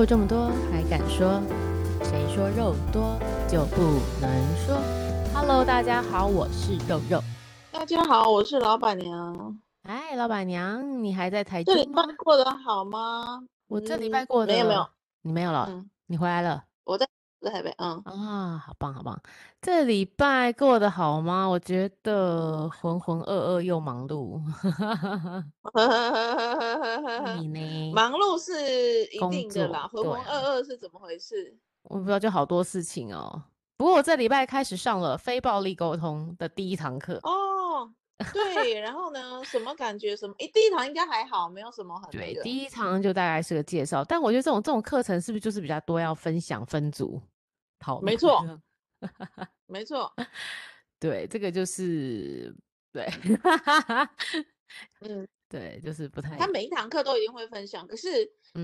肉這麼多，還敢說？誰說肉多就不能說？Hello，大家好，我是肉肉。大家好，我是老闆娘。哎，老闆娘，你還在台？這禮拜過得好嗎？我這禮拜過得、嗯、沒有沒有，你沒有了、嗯，你回來了。我在台北啊啊，好棒好棒！這禮拜過得好嗎？我覺得渾渾噩噩又忙碌，你呢？忙碌是一定的啦，渾渾噩噩是怎麼回事？我不知道，就好多事情哦。不過我這禮拜開始上了非暴力溝通的第一堂課哦。 對，然後呢，什麼感覺？什麼？誒，第一堂應該還好，沒有什麼很、那個。對，第一堂就大概是個介紹，但我覺得這種這種課程是不是就是比較多要分享、分組討論？沒錯， 沒錯，對，這個就是對， 嗯，對，就是不太。他每一堂課都一定會分享，可是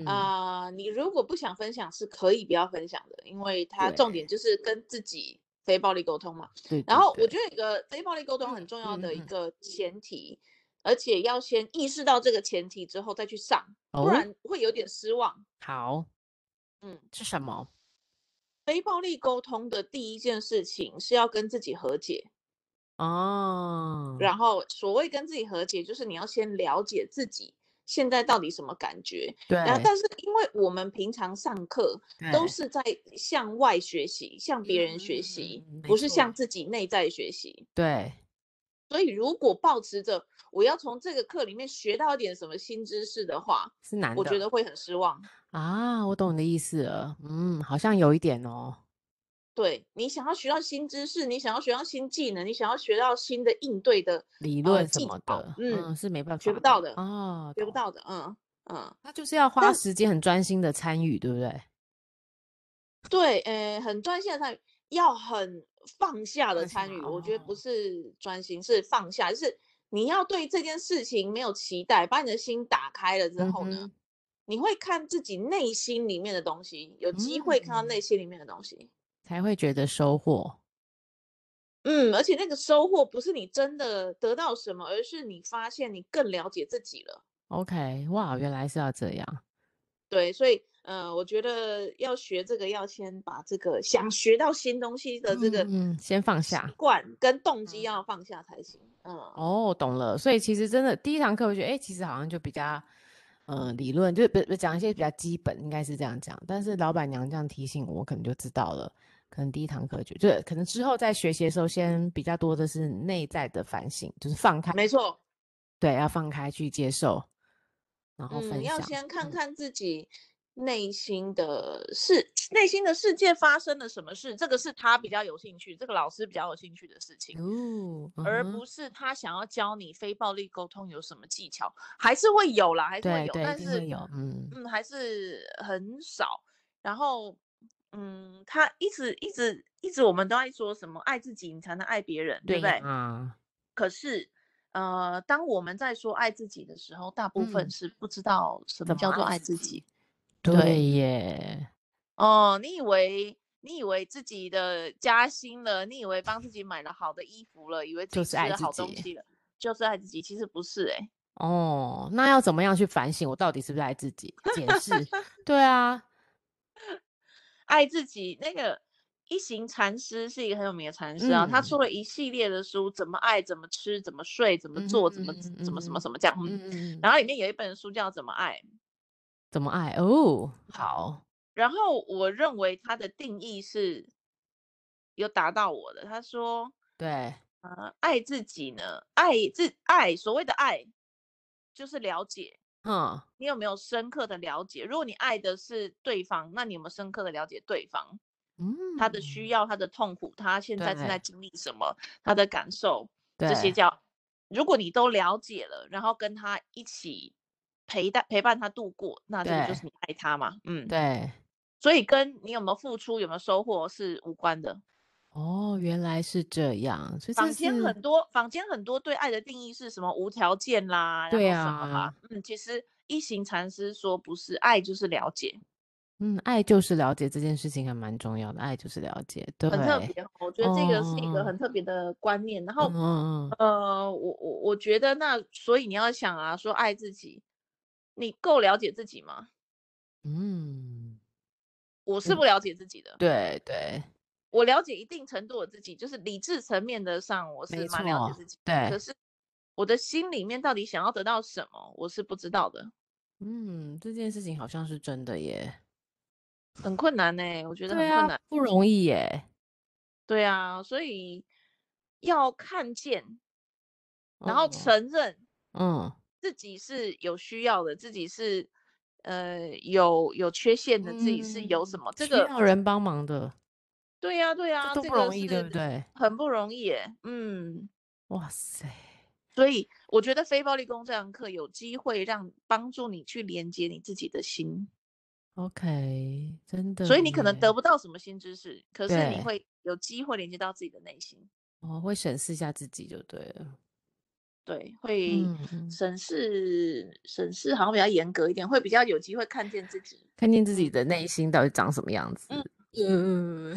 啊、嗯呃，你如果不想分享是可以不要分享的，因為他重點就是跟自己。非暴力溝通嘛，對對對，然後我覺得一個非暴力溝通很重要的一個前提，嗯嗯嗯、而且要先意識到這個前提之後再去上、哦，不然會有點失望。好，嗯，是什麼？非暴力溝通的第一件事情是要跟自己和解。哦。然後所謂跟自己和解，就是你要先了解自己。現在到底什麼感覺？對，啊、但是因為我們平常上課都是在向外學習，向別人學習、嗯嗯，不是向自己內在學習。對，所以如果抱持着我要從這個課裡面學到一點什麼新知識的話，是難的，我覺得會很失望。啊，我懂你的意思了。嗯，好像有一點哦。對，你想要學到新知識，你想要學到新技能，你想要學到新的應對的理論什麼的。嗯，嗯，是沒辦法，學不到的啊，學不到的。嗯、哦哦、嗯，他、嗯、就是要花時間很專心的參與，對不對？對，呃、欸，很專心的參與，要很放下的參與。我覺得不是專心，是放下，就是你要對這件事情沒有期待，把你的心打開了之後呢，嗯、你會看自己內心裡面的東西，有機會看到內心裡面的東西。嗯才會覺得收穫，嗯，而且那個收穫不是你真的得到什麼，而是你發現你更了解自己了。OK，哇，原來是要這樣，對，所以，嗯、呃，我覺得要學這個，要先把這個想學到新東西的這個放下嗯，嗯，先放下，習慣跟動機要放下才行。嗯，哦，懂了，所以其實真的第一堂課我覺得，哎，其實好像就比較，呃理論就是不不講一些比較基本，應該是這樣講，但是老板娘這樣提醒我，我可能就知道了。很第一堂課就就是可能之後在學習的時候，先比較多的是內在的反省，就是放開，沒錯，對，要放開去接受，然後分、嗯、要先看看自己內心的世，內、嗯、心的世界發生了什麼事，這個是他比較有興趣，這個老師比較有興趣的事情，哦嗯、而不是他想要教你非暴力溝通有什麼技巧，還是會有啦，還是會有，對對但是有，有嗯嗯，還是很少，然後。嗯，他一直一直一直，我們都在說什麼愛自己，你才能愛別人對、啊，對不對？嗯。可是，呃，當我們在說愛自己的時候，大部分是不知道什麼叫做愛自己。嗯啊、對,對耶。哦，你以為你以為自己的加薪了，你以為幫自己買了好的衣服了，以為就是愛自己吃了好東西了，就是愛自己。就是、自己其實不是哎、欸。哦，那要怎麼樣去反省我到底是不是愛自己？檢視。 對啊。愛自己，那個一行禪師是一個很有名的禪師啊，他、嗯、出了一系列的書，怎麼愛，怎麼吃，怎麼睡，怎麼做，嗯、怎麼、嗯、怎麼什麼什麼這樣。然後裡面有一本書叫《怎麼愛》，怎麼愛？哦，好。然後我認為他的定義是有達到我的，他說，對、呃、愛自己呢，愛自愛，所謂的愛就是了解。嗯，你有沒有深刻的了解？如果你愛的是對方，那你有沒有深刻的了解對方？嗯，他的需要，他的痛苦，他現在正在經歷什麼，他的感受，對，這些叫，如果你都了解了，然後跟他一起陪伴陪伴他度過，那這個就是你愛他嘛。嗯，對。所以跟你有沒有付出，有沒有收穫是無關的。哦，原來是這樣。所以坊間很多，坊間很多對愛的定義是什麼？無條件啦，然後什麼啦，對啊，嗯，其實一行禪師說，不是愛就是了解。嗯，愛就是了解這件事情還蠻重要的。愛就是了解，對。很特別，我覺得這個是一個很特別的觀念。哦哦哦，然後哦哦哦，呃，我我我覺得那，所以你要想啊，說愛自己，你夠了解自己嗎？嗯，我是不了解自己的。對、嗯、對。對我了解一定程度我自己，就是理智層面的上，我是蠻了解自己。對。可是，我的心裡面到底想要得到什麼，我是不知道的。嗯，這件事情好像是真的耶，很困難哎，我覺得很困難，啊，不容易耶。對啊，所以要看見，哦，然後承認，嗯，自己是有需要的，嗯，自己是呃有有缺陷的，嗯，自己是有什麼，這個需要人幫忙的。這個對呀、啊啊，對呀，都不容易，對不對？很不容易耶，耶。嗯，哇塞，所以我覺得非暴力溝通這堂課有機會讓幫助你去連接你自己的心。OK，真的。所以你可能得不到什麼新知識，可是你會有機會連接到自己的內心。哦，會審視一下自己就對了。對，會審視嗯嗯審視好像比較嚴格一點，會比較有機會看見自己，看見自己的內心到底長什麼樣子。嗯。嗯，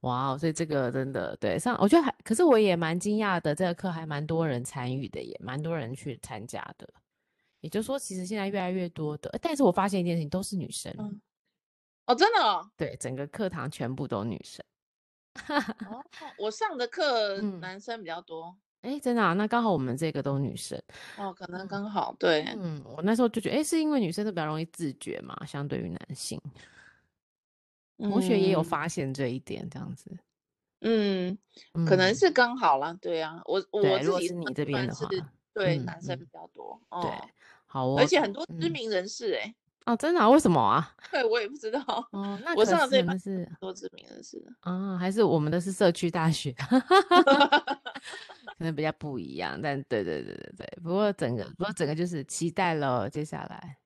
哇哦！所以這個真的對上，我覺得還可是我也蠻驚訝的，這個課還蠻多人參與的耶，也蠻多人去參加的。也就是說，其實現在越來越多的，但是我發現一件事情，都是女生。嗯、哦，真的，哦。對，整個課堂全部都女生。 哦，我上的課男生比較多。哎、嗯，真的、啊，那剛好我們這個都女生。哦，可能剛好對，對。嗯，我那時候就覺得，哎，是因為女生都比較容易自覺嘛，相對於男性。同學也有發現這一點，這樣子，嗯，嗯可能是剛好啦，嗯、對呀、啊，我我自己是你這邊的話，對，男生比較多，嗯哦、對，好哦，而且很多知名人士哎、欸嗯，哦，真的、啊？為什麼啊？對，我也不知道，哦、那我上的這班是多知名人士啊，還是我們的是社區大學， 可能比較不一樣，但對對對對對，不過整個不過整個就是期待了，接下來。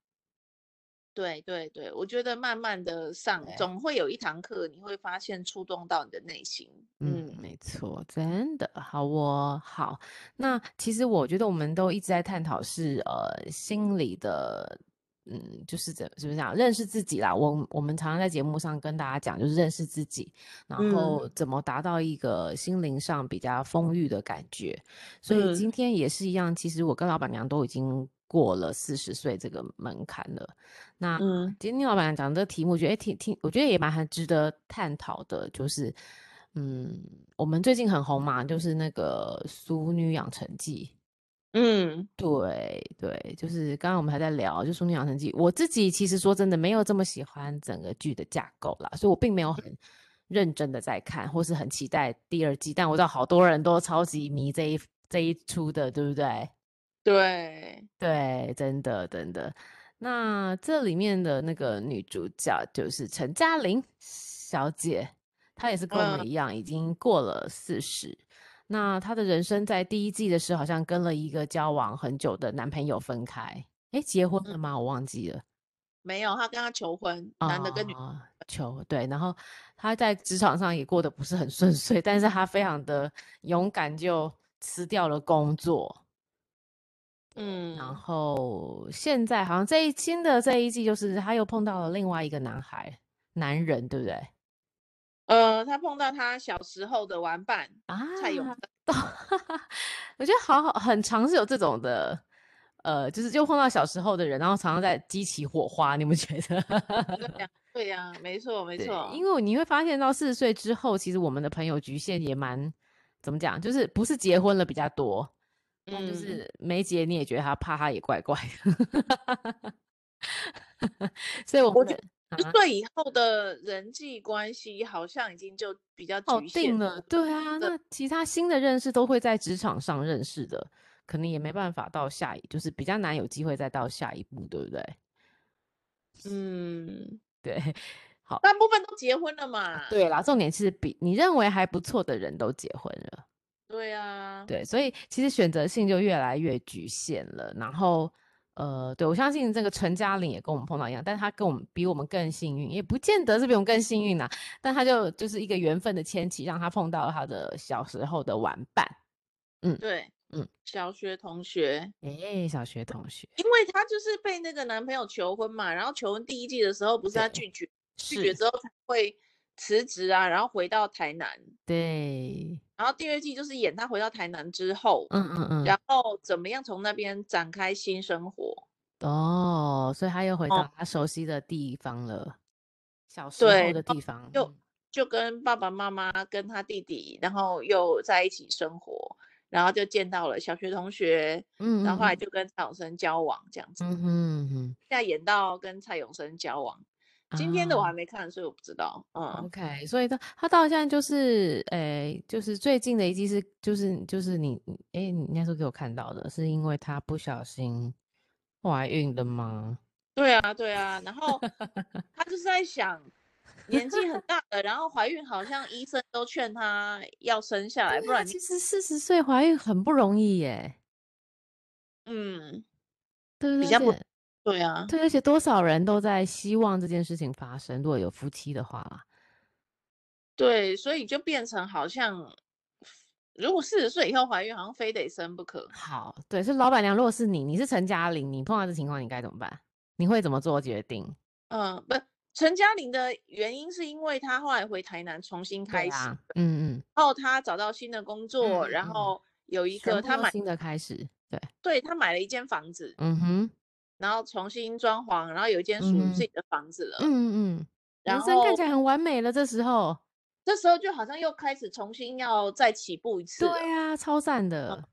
對對對，我覺得慢慢的上，啊、總會有一堂課，你會發現觸動到你的內心。嗯，嗯沒錯，真的好、哦，我好。那其實我覺得我們都一直在探討是呃心理的，嗯，就是怎麼講，認識自己啦。我我們常常在節目上跟大家講，就是認識自己，然後怎麼達到一個心靈上比較豐裕的感覺、嗯。所以今天也是一樣，其實我跟老闆娘都已經。過了四十歲這個門檻了，那、嗯、今天老板講這個題目，我覺得挺挺、欸，我覺得也蠻很值得探討的。就是，嗯，我們最近很紅嘛，就是那個《熟女養成記》。嗯，對對，就是剛剛我們還在聊，就《熟女養成記》，我自己其實說真的沒有這麼喜歡整個劇的架構啦，所以我並沒有很認真的在看、嗯，或是很期待第二季。但我知道好多人都超級迷這一這一出的，對不對？對對，真的真的。那這裡面的那個女主角就是陳嘉玲小姐，她也是跟我們一樣，呃、已經過了四十。那她的人生在第一季的時候，好像跟了一個交往很久的男朋友分開。哎，結婚了嗎、嗯？我忘記了。沒有，她跟她求婚，男的跟女、呃、求、對。然後她在職場上也過得不是很順遂，但是她非常的勇敢，就辭掉了工作。嗯，然後現在好像這一新的這一季，就是他又碰到了另外一個男孩男人，對不對？呃，他碰到他小時候的玩伴啊，有 我覺得好好，很常是有這種的，呃，就是就碰到小時候的人，然後常常在激起火花，你們覺得？ 對呀、啊，對呀、啊，沒錯，沒錯。因為你會發現到四十歲之後，其實我們的朋友侷限也蠻，怎麼講，就是不是結婚了比較多。嗯、就是沒結，你也覺得他怕，他也怪怪的。 所以我，我覺得對以後的人際關係，好像已經就比較了哦，定了。對啊對，那其他新的認識都會在職場上認識的，可能也沒辦法到下一，就是比較難有機會再到下一步，對不對？嗯，對，好，大部分都結婚了嘛。對啦，重點是比你認為還不錯的人都結婚了。對啊，對，所以其實選擇性就越來越局限了。然後，呃，對，我相信這個陳嘉玲也跟我們碰到一樣，但她跟我們比我們更幸運，也不見得是比我們更幸運吶、啊。但她就就是一個緣分的牽起，讓她碰到她的小時候的玩伴。嗯，對，嗯，小學同學，哎、欸，小學同學，因為她就是被那個男朋友求婚嘛，然後求婚第一季的時候不是她拒絕、欸，拒絕之後才會。辭職啊，然後回到台南。對，然後第二季就是演他回到台南之後，嗯嗯嗯，然後怎麼樣從那邊展開新生活。哦，所以他又回到他熟悉的地方了，哦、小時候的地方，哦、就就跟爸爸媽媽、跟他弟弟，然後又在一起生活，然後就見到了小學同學，嗯，嗯，然後後來就跟蔡永生交往，這樣子。嗯哼嗯哼，現在演到跟蔡永生交往。今天的我還沒看。哦，所以我不知道。嗯，OK，所以他他到現在就是，哎、欸、就是最近的一季是，就是就是你，哎、欸，你應該給我看到的，是因為他不小心懷孕的嗎？對啊，對啊，然後他就是在想，年紀很大了， 然後懷孕好像醫生都勸他要生下來，啊，不然其實四十歲懷孕很不容易耶。嗯，對對對。比較對啊，對，而且多少人都在希望這件事情發生。如果有夫妻的話，對，所以就變成好像，如果四十歲以後懷孕，好像非得生不可。好，對，是老闆娘。如果是你，你是陳嘉玲，你碰到這情況，你該怎麼辦？你會怎麼做決定？嗯，不，陳嘉玲的原因是因為她後來回台南重新開始，啊、嗯嗯，然後她找到新的工作，嗯嗯、然後有一個她買新的開始，對，對，她買了一間房子，嗯哼。然後重新裝潢，然後有一間屬於自己的房子了。嗯嗯嗯，嗯，人生看起來很完美了。這時候，這時候就好像又開始重新要再起步一次。對呀、啊，超讚的、嗯。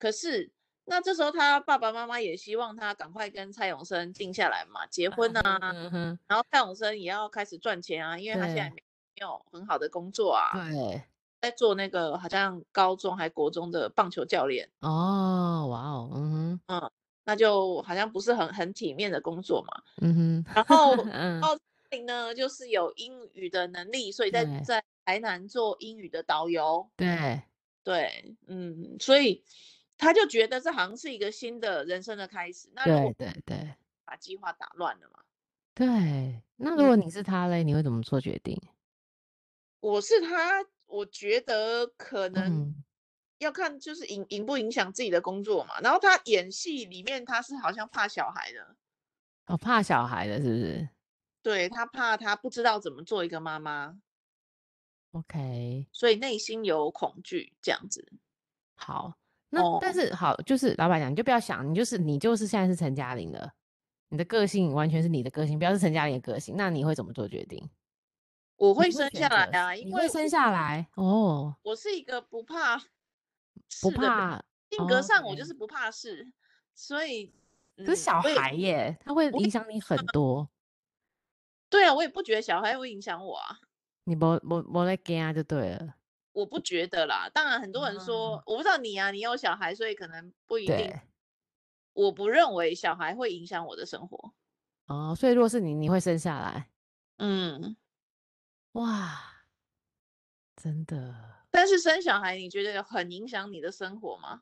可是，那這時候他爸爸媽媽也希望他趕快跟蔡永生定下來嘛，結婚啊，啊、嗯。然後蔡永生也要開始賺錢啊，因為他現在沒有很好的工作啊。對，在做那個好像高中還國中的棒球教練。哦，哇哦，嗯嗯。那就好像不是很很體面的工作嘛，嗯哼。然後，然 後、嗯、呢，就是有英語的能力，所以在在台南做英語的導遊。對對，嗯，所以他就覺得這好像是一個新的人生的開始。那對，對對，把計劃打亂了嘛。對，那如果你是他嘞、嗯，你會怎麼做決定？我是他，我覺得可能、嗯。要看就是影影不影響自己的工作嘛，然後他演戲裡面他是好像怕小孩的，哦怕小孩的是不是？對，他怕他不知道怎麼做一個媽媽，OK，所以內心有恐懼這樣子。好，那，oh. 但是好就是老板娘，你就不要想，你就是你就是現在是陳嘉玲的，你的個性完全是你的個性，不要是陳嘉玲的個性，那你會怎麼做決定？我會生下來啊，因為我會生下來哦，oh. 我是一個不怕。不怕，不怕性格上，我就是不怕事，哦 okay，所以，嗯。可是小孩耶，他會影響你很多。對啊，我也不覺得小孩會影響我啊。你沒、沒、沒在怕，就對了。我不覺得啦，當然很多人說、嗯，我不知道你啊，你有小孩，所以可能不一定。我不認為小孩會影響我的生活。哦，所以若是你，你會生下來？嗯。哇，真的。但是生小孩，你覺得很影響你的生活嗎？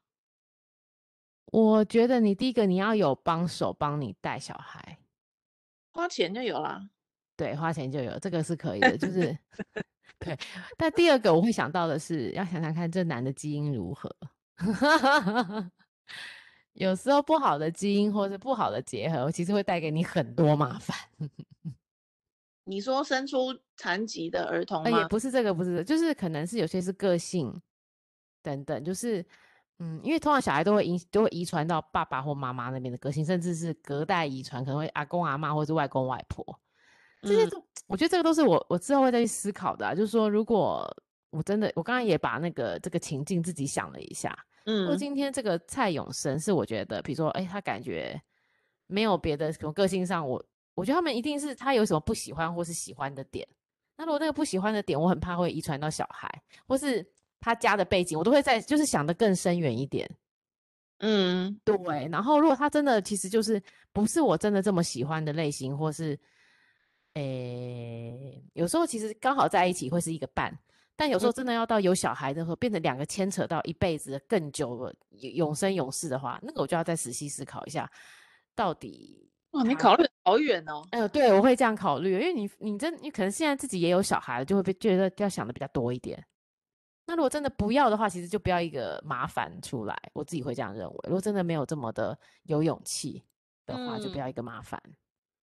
我覺得你第一個你要有幫手幫你帶小孩，花錢就有啦。對，花錢就有這個是可以的，就是 對。但第二個我會想到的是， 要想想看這男的基因如何。 有時候不好的基因或者不好的結合，其實會帶給你很多麻煩。 你說生出殘疾的兒童嗎？也不是這個，不是、這個就是可能是有些是個性等等，就是嗯，因為通常小孩都會遺都會遺傳到爸爸或媽媽那邊的個性，甚至是隔代遺傳，可能會阿公阿嬤或是外公外婆，這些都、嗯、我覺得這個都是我我之後會再去思考的、啊。就是說，如果我真的我剛才也把那個這個情境自己想了一下，嗯，如果今天這個蔡永生是我覺得，比如說，哎，他感覺沒有別的什麼個性上我。我覺得他們一定是他有什麼不喜歡或是喜歡的點。那如果那個不喜歡的點，我很怕會遺傳到小孩，或是他家的背景，我都會在就是想得更深遠一點。嗯，對。然後如果他真的其實就是不是我真的這麼喜歡的類型，或是誒，有時候其實剛好在一起會是一個伴，但有時候真的要到有小孩的時候，嗯、變成兩個牽扯到一輩子的更久的永生永世的話，那個我就要再仔細思考一下，到底。啊、哇，你考慮好遠哦！哎呦、呃，對，我會這樣考慮，因為你，你這，你可能現在自己也有小孩了，就會被覺得要想的比較多一點。那如果真的不要的話，其實就不要一個麻煩出來。我自己會這樣認為，如果真的沒有這麼的有勇氣的話，就不要一個麻煩、嗯。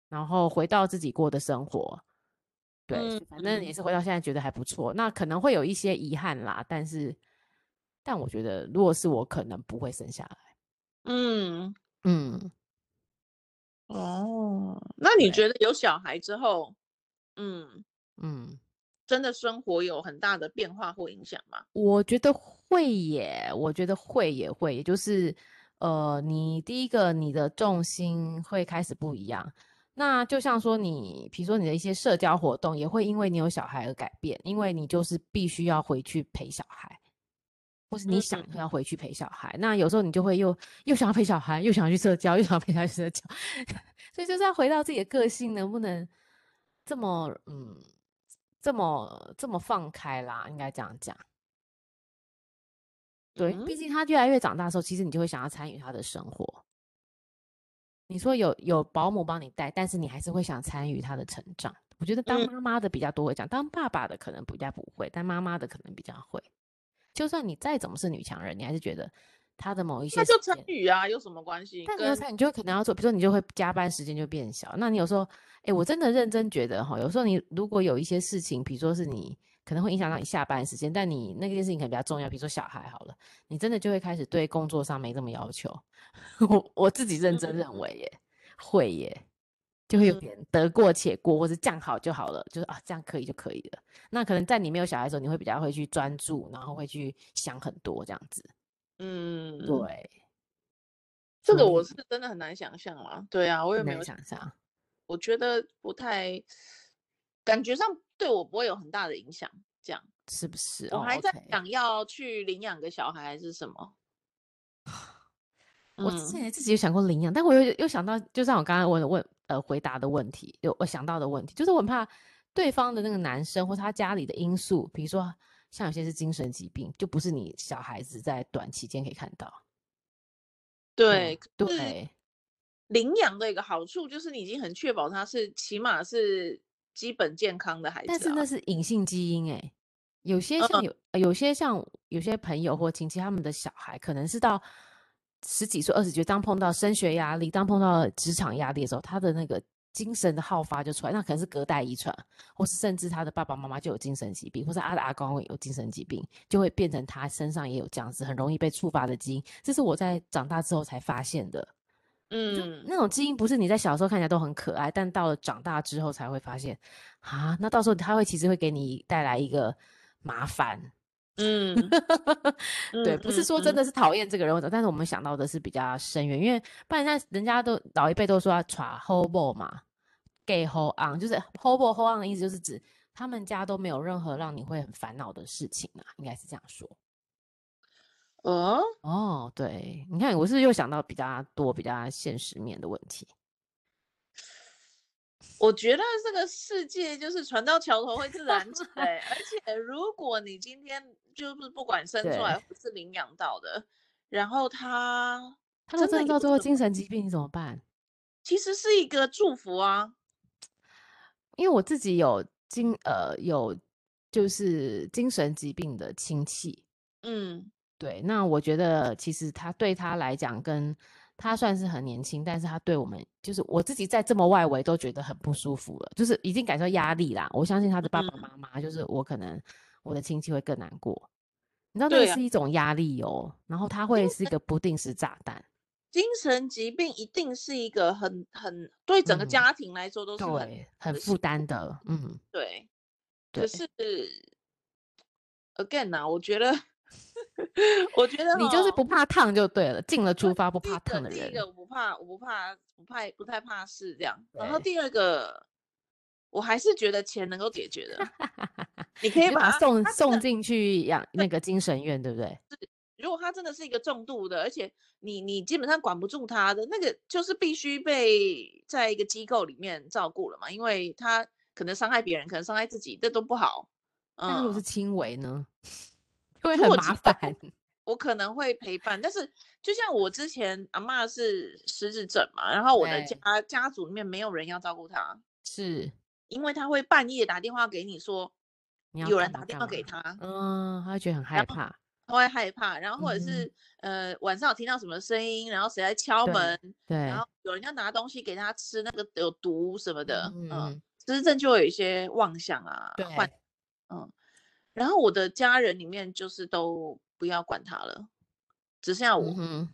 然後回到自己過的生活，對、嗯，反正也是回到現在覺得還不錯。那可能會有一些遺憾啦，但是，但我覺得如果是我，可能不會生下來。嗯嗯。哦，那你覺得有小孩之後，嗯嗯，真的生活有很大的變化或影響嗎？我覺得會耶，我覺得會也會，就是呃，你第一個你的重心會開始不一樣。那就像說你，比如說你的一些社交活動也會因為你有小孩而改變，因為你就是必須要回去陪小孩。或是你想要回去陪小孩，那有時候你就會又又想要陪小孩，又想要去社交，又想要陪他去社交， 所以就是要回到自己的個性，能不能這麼嗯這麼這麼放開啦？應該這樣講。對，畢竟他越來越長大的時候，其實你就會想要參與他的生活。你說有有保姆幫你帶，但是你還是會想參與他的成長。我覺得當媽媽的比較多會講，當爸爸的可能比較不會，但媽媽的可能比較會。就算你再怎麼是女強人，你還是覺得她的某一些時間，就成語啊，有什麼關係？她覺得她，你就可能要做，比如說你就會加班時間就變小。那你有時候，哎，我真的認真覺得哈、哦，有時候你如果有一些事情，比如說是你可能會影響到你下班時間，但你那件事情可能比較重要，比如說小孩好了，你真的就會開始對工作上沒這麼要求。 我我自己認真認為耶， 會耶。就會有點得過且過、嗯，或是這樣好就好了，就是啊，這樣可以就可以了。那可能在你沒有小孩的時候，你會比較會去專注，然後會去想很多這樣子。嗯，對。這個我是真的很難想象啊。嗯、對啊，我也沒有想象。我覺得不太，感覺上對我不會有很大的影響。這樣是不是？我還在想要去領養個小孩還是什麼？哦，okay。我之前自己有想過領養、嗯，但我又又想到，就像我剛剛問問呃回答的問題，有我想到的問題，就是我很怕對方的那個男生或他家裡的因素，比如說像有些是精神疾病，就不是你小孩子在短期間可以看到。對對，領養的一個好處就是你已經很確保他是起碼是基本健康的孩子，但是那是隱性基因哎、欸，有些像有、嗯呃、有些像有些朋友或親戚他們的小孩可能是到。十幾歲、二十幾歲，當碰到升學壓力，當碰到職場壓力的時候，他的那個精神的好發就出來，那可能是隔代遺傳，或是甚至他的爸爸媽媽就有精神疾病，或是阿的阿公也有精神疾病，就會變成他身上也有這樣子，很容易被觸發的基因。這是我在長大之後才發現的。嗯，那種基因不是你在小時候看起來都很可愛，但到了長大之後才會發現，啊，那到時候他會其實會給你帶來一個麻煩。 嗯， 對，嗯，不是說真的是討厭這個人，嗯嗯，但是我們想到的是比較深遠，因為不然現在人家都老一輩都說要闖後波嘛。gay hole on”，就是 “hole hole on” 的意思，就是指他們家都沒有任何讓你會很煩惱的事情啊，應該是這樣說。嗯，哦，對，你看，我是又想到比較多比較現實面的問題。我覺得這個世界就是船到橋頭會自然直， 而且如果你今天。就是不管生出來或是領養到的，然後他，他真的到最後精神疾病怎麼辦？其實是一個祝福啊，因為我自己有精呃有就是精神疾病的親戚，嗯，對，那我覺得其實他對他來講跟他算是很年輕，但是他對我們就是我自己在這麼外圍都覺得很不舒服了，就是已經感受壓力啦。我相信他的爸爸媽媽就是我可能、嗯。我的親戚會更難過，你知道那是一種壓力哦、啊。然後它會是一個不定時炸彈。精神疾病一定是一個很很對整個家庭來說都是很、嗯、很負擔的。嗯，對。對對可是，again 吶、啊，我覺得， 我覺得、哦、你就是不怕燙就對了。進了廚房不怕燙的人，我第一個，第一個我不怕，我不怕，不怕不太，不太怕事這樣。然後第二個。我還是覺得錢能夠解決的， 你可以把他，把他送他送進去養那個精神院，對不對？如果他真的是一個重度的，而且你你基本上管不住他的，那個就是必須被在一個機構裡面照顧了嘛，因為他可能傷害別人，可能傷害自己，這都不好、嗯。那如果是輕微呢？會、嗯、很麻煩。我可能會陪伴， 但是就像我之前阿嬤是失智症嘛，然後我的家家族裡面沒有人要照顧他，是。因為他會半夜打電話給你說，有人打電話給他，幹嘛幹嘛，嗯，他會覺得很害怕，他、嗯、會害怕，然後或者是、嗯、呃晚上有聽到什麼聲音，然後誰來敲門，對，對，然後有人要拿東西給他吃，那個有毒什麼的，嗯，其、嗯、實這就有一些妄想啊，對，嗯，然後我的家人裡面就是都不要管他了，只剩下我，嗯、哼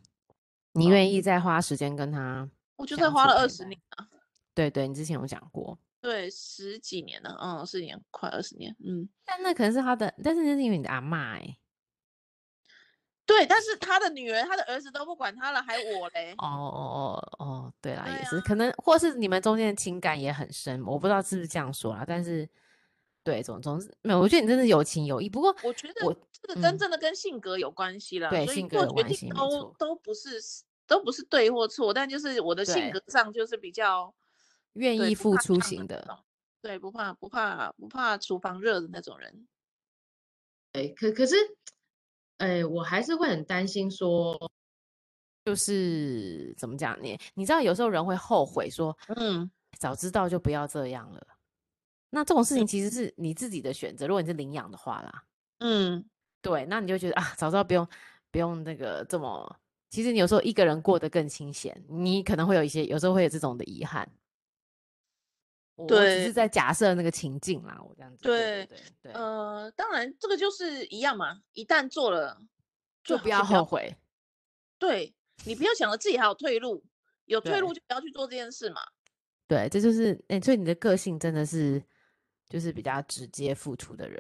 你願意再花時間跟他，我就是花了二十年啊，對對，你之前有講過。對，十幾年了，嗯、哦，四十年，快二十年，嗯。但那可能是他的，但是那是因為你的阿媽哎、欸。對，但是他的女兒，他的兒子都不管他了，還我嘞。哦哦哦哦，對啦，對啊、也是可能，或是你們中間的情感也很深，我不知道是不是這樣說啊。但是，對，總總是沒有，我覺得你真的有情有義。不過，我覺得我這個跟真的跟性格有關係了、嗯，對，性格有關係，我都都不是都不是對或錯，但就是我的性格上就是比較願意付出型的，對，不怕不怕不怕，不怕廚房熱的那種人。欸、可可是，哎、欸，我還是會很擔心說，說就是怎麼講呢？你知道，有時候人會後悔，說，嗯，早知道就不要這樣了。那這種事情其實是你自己的選擇，嗯。如果你是領養的話啦，嗯，對，那你就覺得啊，早知道不用不用那個這麼。其實你有時候一個人過得更清閒，你可能會有一些，有時候會有這種的遺憾。我只是在假設那個情境啦，我這樣子對對。對對對，呃，當然這個就是一樣嘛，一旦做了就不要後悔。對，你不要想着自己還有退路，有退路就不要去做這件事嘛。對，這就是，哎、欸，所以你的個性真的是就是比較直接付出的人。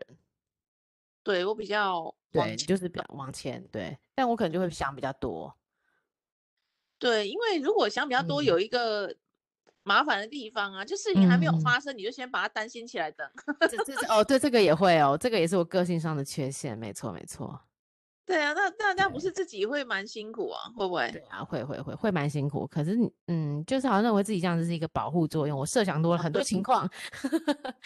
對，我比較往前，對，就是比較往前，對，但我可能就會想比較多。對，因為如果想比較多，嗯、有一個。麻煩的地方啊，就事情還沒有發生，嗯、你就先把它擔心起來等。 這這哦，對，這個也會哦，這個也是我個性上的缺陷，沒錯沒錯。對啊，那大家不是自己會蠻辛苦啊？會不會？對啊，會會會會蠻辛苦。可是嗯，就是好像認為自己這樣子是一個保護作用。我設想多了很多情況。啊、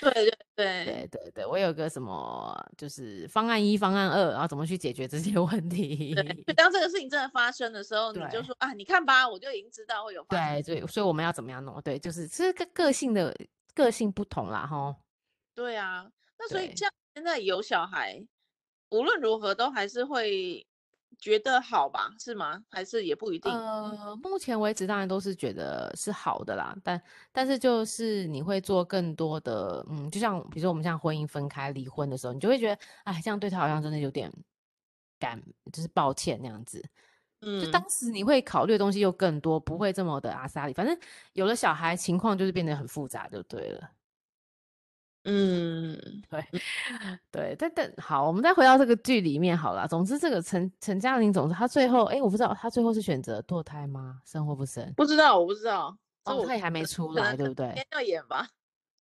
對 對對對對對，對，我有個什麼就是方案一、方案二，然後怎麼去解決這些問題？對，當這個事情真的發生的時候，你就說啊，你看吧，我就已經知道會有發生。對對所以，所以我們要怎麼樣弄？對，就是其實跟個性的個性不同啦，哈。對啊，那所以像現在有小孩。無論如何，都還是會覺得好吧，是嗎？還是也不一定。呃，目前為止當然都是覺得是好的啦，但但是就是你會做更多的，嗯，就像比如說我們現在婚姻分開離婚的時候，你就會覺得，哎，這樣對他好像真的有點感，就是抱歉那樣子。嗯，就當時你會考慮的東西又更多，不會這麼的阿撒里，反正有了小孩，情況就是變得很複雜，就對了。嗯 對，對，對，等等，好，我們再回到這個劇裡面好了啦。總之，這個陳陳嘉玲，總之她最後，哎、欸，我不知道她最後是選擇墮胎嗎？生或不生？不知道，我不知道。哦，她也還沒出來，對不對？今天要演吧？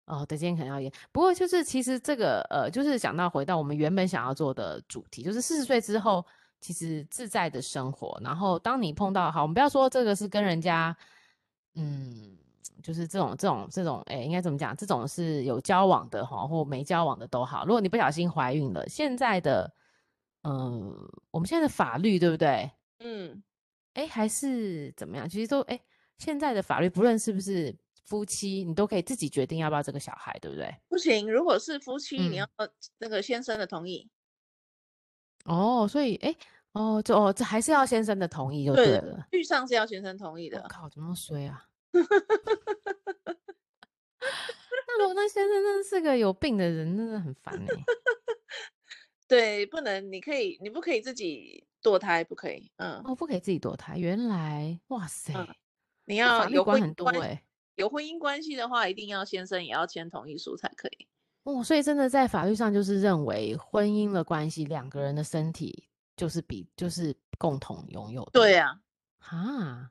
哦，對，今天可能要演。不過就是其實這個，呃，就是講到回到我們原本想要做的主題，就是四十歲之後其實自在的生活。然後當你碰到好，我們不要說這個是跟人家，嗯。就是這種這種這種，哎、欸，應該怎麼講？這種是有交往的哈，或沒交往的都好。如果你不小心懷孕了，現在的，嗯、呃，我們現在的法律對不對？嗯，哎、欸，還是怎麼樣？其實都，哎、欸，現在的法律不論是不是夫妻，你都可以自己決定要不要這個小孩，對不對？不行，如果是夫妻，嗯、你要那個先生的同意。哦，所以，哎、欸，哦，這哦這還是要先生的同意就對了，律上是要先生同意的。哦、靠，怎麼衰啊？哈哈哈！那羅那先生真的是個有病的人，真的很煩哎、欸。 對，不能，你可以，你不可以自己墮胎，不可以。嗯，哦，不可以自己墮胎，原來，哇塞！嗯、你要有婚姻很多、欸關，有婚姻關係的話，一定要先生也要簽同意書才可以。哦，所以真的在法律上就是認為婚姻的關係，兩個人的身體就是比就是共同擁有的。對啊，哈。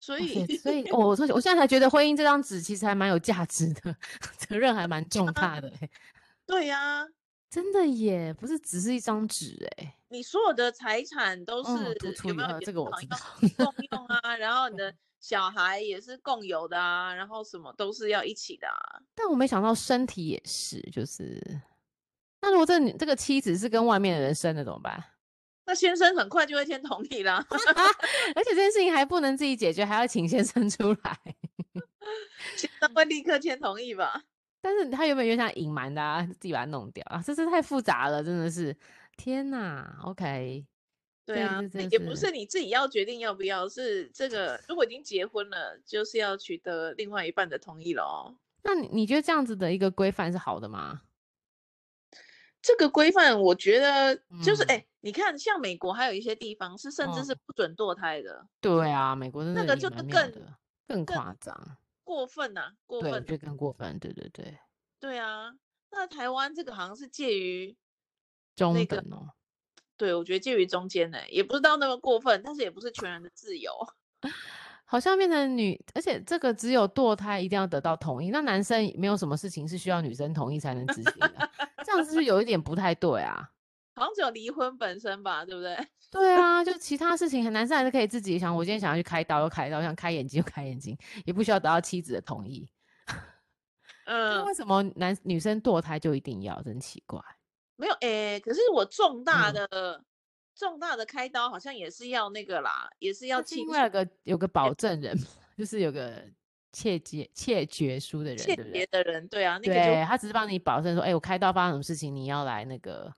所以，所以，我 我、哦、我現在才覺得婚姻這張紙其實還蠻有價值的，責 任還蠻重大的、欸。對呀、啊，真的耶，不是只是一張紙哎，你所有的財產都是、嗯、有，有沒有的、啊、這個我知道共用啊， 然後你的小孩也是共有的啊，然後什麼都是要一起的啊。 但我沒想到身體也是，就是，那如果這個、這個妻子是跟外面的人生的，怎麼辦？那先生很快就會簽同意了， 而且這件事情還不能自己解決，還要請先生出來。 先生會立刻簽同意吧？但是他原本就想隱瞞的啊，自己把它弄掉啊！這是太複雜了，真的是天哪、啊。OK，對啊，這是真的是，也不是你自己要決定要不要，是這個如果已經結婚了，就是要取得另外一半的同意咯。 那你你覺得這樣子的一個規範是好的嗎？這個規範，我覺得就是哎、嗯，你看，像美國還有一些地方是甚至是不准墮胎的。哦、對啊，美國真的，的那個就是更更誇張、過分啊，過分。對，就更過分。對對對。對啊，那台灣這個好像是介於、那個、中等哦。對，我覺得介於中間呢、欸，也不知道那麼過分，但是也不是全人的自由。好像變成女，而且這個只有墮胎一定要得到同意，那男生沒有什麼事情是需要女生同意才能執行的。 這樣是不是有一點不太對啊？ 好像只有離婚本身吧，對不對？ 對啊，就其他事情，男生還是可以自己想。我今天想要去開刀就開刀，想開眼睛就開眼睛，也不需要得到妻子的同意。 嗯，為什麼男女生墮胎就一定要？真奇怪。沒有誒、欸，可是我重大的、嗯、重大的開刀好像也是要那個啦，也是要另外一個有個保證人，就是有個。切結切結書的人，對不對？別的人，對啊，那個、他只是幫你保證說，哎、欸，我開刀發生什麼事情，你要來那個，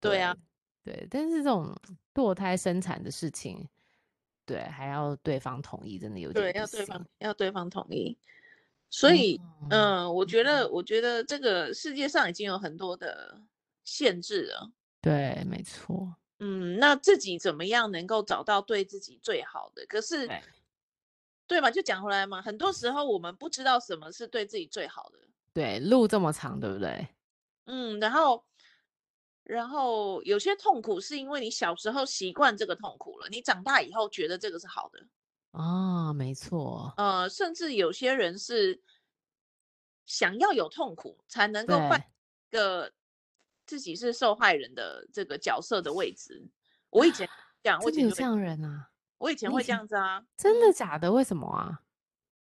對，對啊，對。但是這種墮胎生產的事情，對，還要對方同意，真的有點對，要對方要對方同意。所以，嗯，呃、我覺得、嗯，我覺得這個世界上已經有很多的限制了。對，沒錯。嗯，那自己怎麼樣能夠找到對自己最好的？可是。對嘛，就講回來嘛。很多時候我們不知道什麼是對自己最好的。對，路這麼長，對不對？嗯，然後，然後有些痛苦是因為你小時候習慣這個痛苦了，你長大以後覺得這個是好的。啊、哦，沒錯。呃，甚至有些人是想要有痛苦才能夠換一個自己是受害人的這個角色的位置。我以前講，我以前有這樣人啊。我以前會這樣子啊，真的假的？為什麼啊？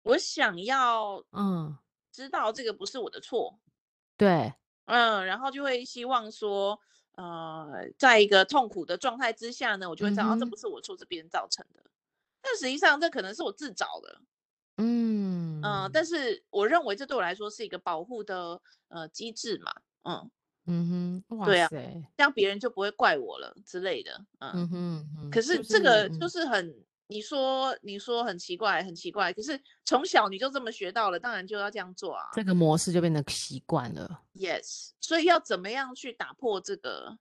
我想要嗯，知道這個不是我的錯、嗯，對，嗯，然後就會希望說，呃，在一個痛苦的狀態之下呢，我就會知道、嗯啊、這不是我錯，是別人造成的。但實際上，這可能是我自找的，嗯嗯、呃，但是我認為這對我來說是一個保護的呃機制嘛，嗯。嗯哼，對啊，這樣別人就不會怪我了之類的。嗯，嗯哼嗯哼。可是這個就是很，就是嗯、你說你說很奇怪，很奇怪。可是從小你就這麼學到了，當然就要這樣做啊。這個模式就變得習慣了。Yes。所以要怎麼樣去打破這個，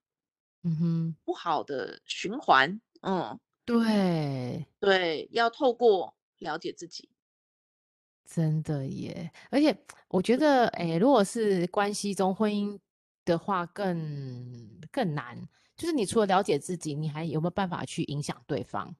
嗯哼，不好的循環。嗯，對對，要透過了解自己。真的耶。而且我覺得，哎、欸，如果是關係中婚姻。的話更更難，就是你除了了解自己，你還有沒有辦法去影響對方？